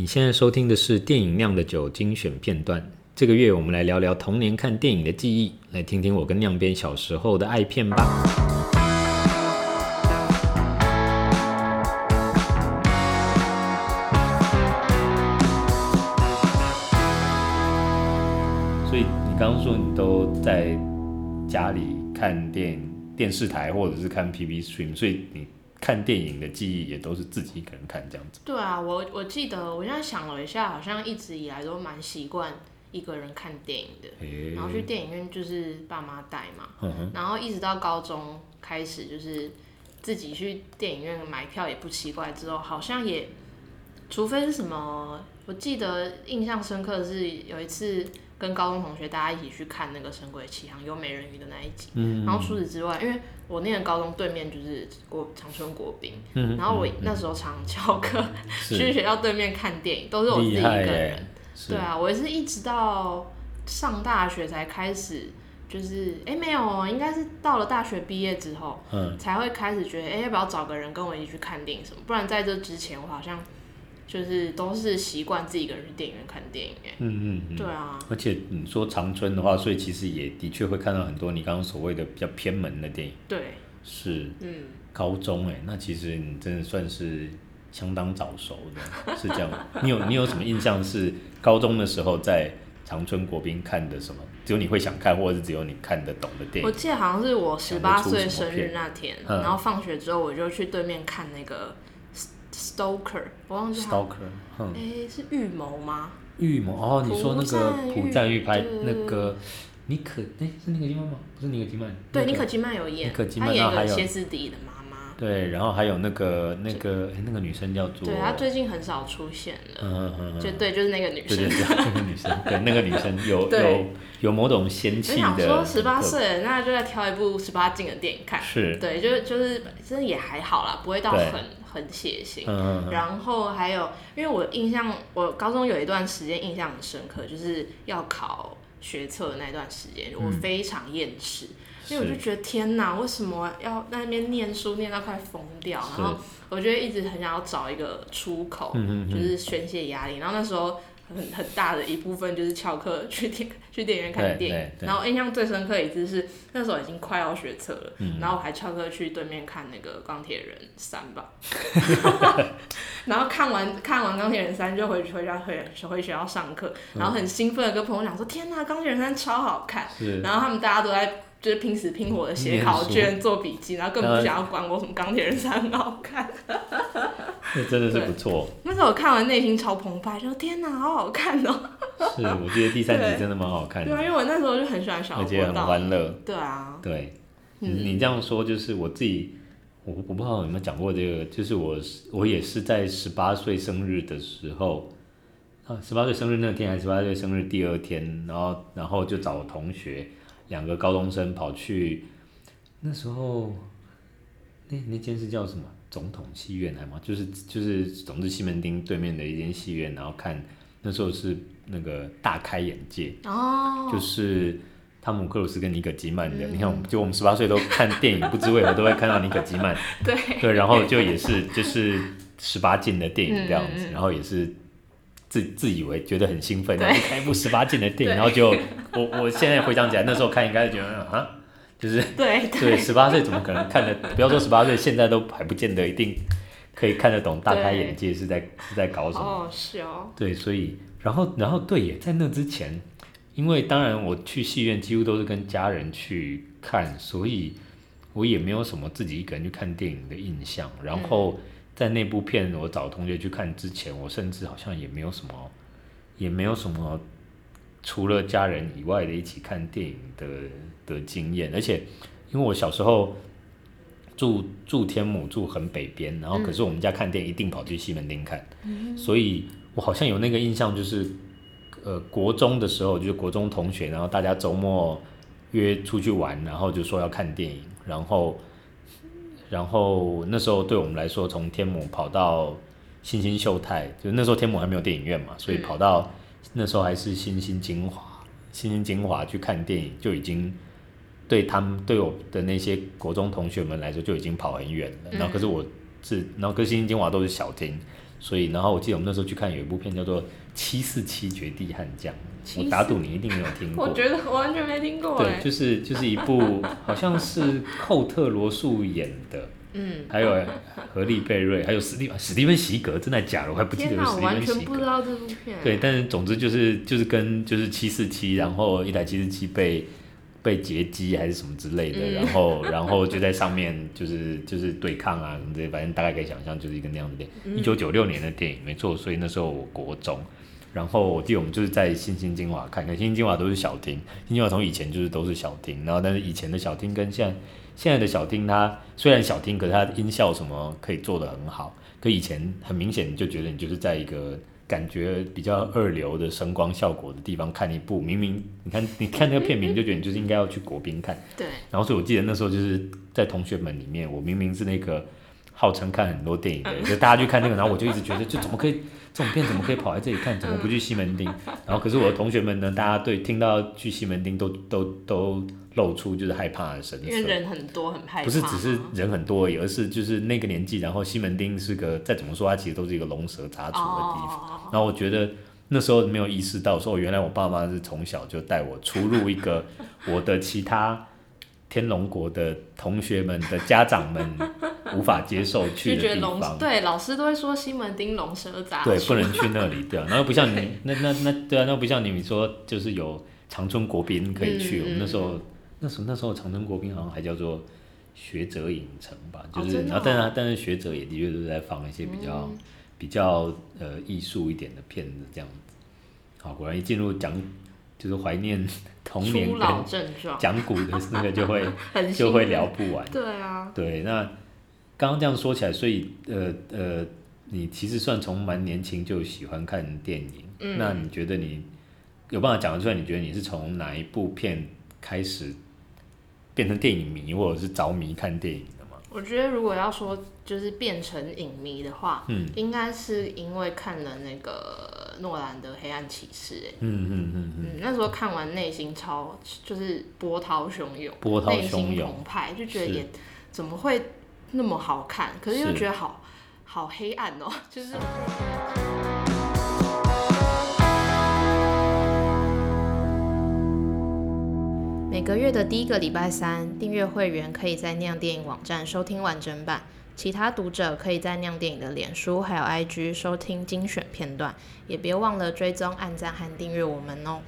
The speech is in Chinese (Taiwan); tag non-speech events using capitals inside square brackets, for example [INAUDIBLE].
你現在收聽的是《電影釀的酒》精選片段。這個月，我們來聊聊童年看電影的記憶，來聽聽我跟釀編小時候的愛片吧。所以你剛剛說你都在家裡看電電視台，或者是看 PPStream，所以你。看電影的記憶也都是自己一個人看這樣子。對啊，我我記得我現在想了一下，好像一直以來都蠻習慣一個人看電影的。欸、然後去電影院就是爸媽帶嘛，嗯哼。然後一直到高中開始就是自己去電影院買票也不奇怪。之後好像也。除非是什麼，我記得印象深刻的是有一次跟高中同學大家一起去看那個《神鬼奇航》有美人魚的那一集。嗯嗯，然後除此之外，因為我念高中對面就是國長春國賓，嗯嗯嗯，然後我那時候常翹課是去學校對面看電影，都是我自己一個人。厲害欸、對啊，我也是一直到上大學才開始，就是哎沒有，應該是到了大學畢業之後，嗯、才會開始覺得哎要不要找個人跟我一起去看電影什麼？不然在這之前我好像。就是都是習慣自己一個人去電影院看電影，嗯嗯嗯，對啊，而且你說長春的話，所以其實也的確會看到很多你剛剛所謂的比較偏門的電影，對，是，嗯，高中哎，那其實你真的算是相當早熟的，是這樣。你有你有什麼印象是高中的時候在長春國賓看的什麼？只有你會想看，或者是只有你看得懂的電影？我記得好像是我十八歲生日那天，嗯、然後放學之後我就去對面看那個。Stoker 我忘記他。Stoker 哼。哎，是慾謀嗎？慾謀哦，你說那個朴贊郁拍對那個妮可？哎，是妮可基嫚嗎？不是妮可基嫚。對，對妮可基嫚有演。妮可基嫚演個歇斯底里的嗎？對，然後還有那個那個那個女生叫做對，她最近很少出現了，就對，就是那個女生，對那個女生，對那個女生有有有某種仙氣的。我想說十八歲那就在挑一部十八禁的電影看，是對，就是就是，其實也還好啦，不會到很很血腥。然後還有，因為我印象，我高中有一段時間印象很深刻，就是要考學測那段時間，我非常厭世。所以是我就覺得天哪，為什麼要在那邊念書念到快瘋掉？是然後我覺得一直很想要找一個出口，嗯嗯嗯，就是宣泄壓力。然後那時候很很大的一部分就是翹課去電去電影院看電影。然後印象最深刻一次是那時候已經快要學車學測了，嗯嗯然後我還翹課去對面看那個《鋼鐵人三》吧。 [LAUGHS] [LAUGHS] 然後看完看完《鋼鐵人三》就回去回家，回回學校上課，然後很興奮的跟朋友講說：“嗯、天哪，《鋼鐵人三》超好看！”是然後他們大家都在。就是拼死拼活的寫考卷，嗯、居然做筆記，然後更不想要管我，呃、什麼鋼鐵人三好看。那 [LAUGHS] 真的是不錯。那時候我看完內心超澎湃，說天哪，啊，好好看哦，喔。 [LAUGHS] 是我記得第三集真的蠻好看的。對啊，因為我那時候就很喜歡小羅伯特。而且很歡樂，嗯。對啊。對。嗯、你這樣說就是我自己，我不我不知道有沒有講過這個，就是我我也是在十八歲生日的時候，啊，十八歲生日那天還是十八歲生日第二天，然後然後就找同學。兩個高中生跑去，那時候，那那間是叫什麼？總統戲院還嗎？就是就是，總之西門町對面的一間戲院，然後看那時候是那個大開眼戒哦，就是湯姆·克魯斯跟妮可基嫚的。嗯、你看，就我們十八歲都看電影， [LAUGHS] 不知為何都會看到妮可基嫚，對對，然後就也是就是十八禁的電影這樣子，嗯、然後也是。自自以為覺得很興奮，然後就看一部十八禁的電影，對然後就我我現在回想起來， [LAUGHS] 那時候看應該是覺得啊，就是對對，十八歲怎麼可能看得不要 [LAUGHS] 說十八歲，現在都還不見得一定可以看得懂，大開眼界是在對是在搞什麼？哦，對，所以然後然後對耶，在那之前，因為當然我去戲院幾乎都是跟家人去看，所以我也沒有什麼自己一個人去看電影的印象，然後。在那部片，我找同學去看之前，我甚至好像也沒有什麼，也沒有什麼，除了家人以外的一起看電影的的經驗。而且，因為我小時候住住天母，住很北邊，然後可是我們家看電影一定跑去西門町看，嗯、所以我好像有那個印象，就是呃國中的時候，就是國中同學，然後大家周末約出去玩，然後就說要看電影，然後。然後那時候對我們來說，從天母跑到欣欣秀泰，就那時候天母還沒有電影院嘛，所以跑到那時候還是欣欣晶華、欣欣晶華去看電影，就已經對他們對我的那些國中同學們來說，就已經跑很遠了。嗯、然後可是我是，然後跟欣欣晶華都是小廳。所以，然後我記得我們那時候去看有一部片叫做《七四七絕地悍將》，我打賭你一定沒有聽過。我覺得完全沒聽過、欸。對，就是就是一部好像是寇特·羅素演的，嗯，還有何利·貝瑞，還有史蒂史蒂芬·席格，真的假的？我還不記得史蒂芬·席格。啊、完全不知道這部片、欸。對，但是總之就是就是跟就是七四七，然後一台七四七被。被劫機還是什麼之類的，嗯、然後然後就在上面就是就是對抗啊什麼的，反正大概可以想象就是一個那樣的電影。一九九六年的電影，沒錯。所以那時候我國中，然後我記得我們就是在欣欣晶華看，看，看欣欣晶華都是小廳，欣欣晶華從以前就是都是小廳，然後但是以前的小廳跟現在現在的小廳，它雖然小廳，可是它的音效什麼可以做得很好，可以前很明顯就覺得你就是在一個。感覺比較二流的聲光效果的地方看一部，明明你看你看那個片名就覺得你就是應該要去國賓看，對。然後所以我記得那時候就是在同學們裡面，我明明是那個。號稱看很多電影的，就大家去看那、這個，然後我就一直覺得，就怎麼可以這種片怎麼可以跑來這裡看？怎麼不去西門町？然後可是我的同學們呢，大家對聽到去西門町都都都露出就是害怕的神色，因為人很多，很害怕、啊。不是只是人很多而已，而是就是那個年紀，然後西門町是個再怎麼說，它其實都是一個龍蛇雜處的地方。哦、然後我覺得那時候沒有意識到我說，說原來我爸媽是從小就帶我出入一個我的其他天龍國的同學們的家長們。無法接受去的地方，對。老師都會說西門町龍蛇雜的。對，不能去那裡，對、啊。那又不像你，對那那那，對啊，那不像你，你說就是有長春國賓可以去。嗯嗯、我們那時候，那時候那時候長春國賓好像還叫做學者影城吧，就是、哦、然後但是但是學者也的確都在放一些比較、嗯、比較呃藝術一點的片子這樣子。好，果然一進入講就是懷念童年跟講古的那個就會 [LAUGHS] 運就會聊不完。對啊，對那。剛剛這樣說起來，所以呃呃，你其實算從蠻年輕就喜歡看電影。嗯，那你覺得你有辦法講得出來？你覺得你是從哪一部片開始變成電影迷，或者是着迷看電影的嗎？我覺得如果要說就是變成影迷的話，嗯，應該是因為看了那個諾蘭的《黑暗騎士》。哎，嗯，嗯嗯嗯嗯，那時候看完內心超就是波濤洶湧，波濤洶湧澎湃，就覺得也怎麼會。那麼好看，可是又覺得好是好黑暗哦。就是。是每個月的第一個禮拜三，訂閱會員可以在釀電影網站收聽完整版，其他讀者可以在釀電影的臉書還有 IG 收聽精選片段，也別忘了追蹤、按讚和訂閱我們哦。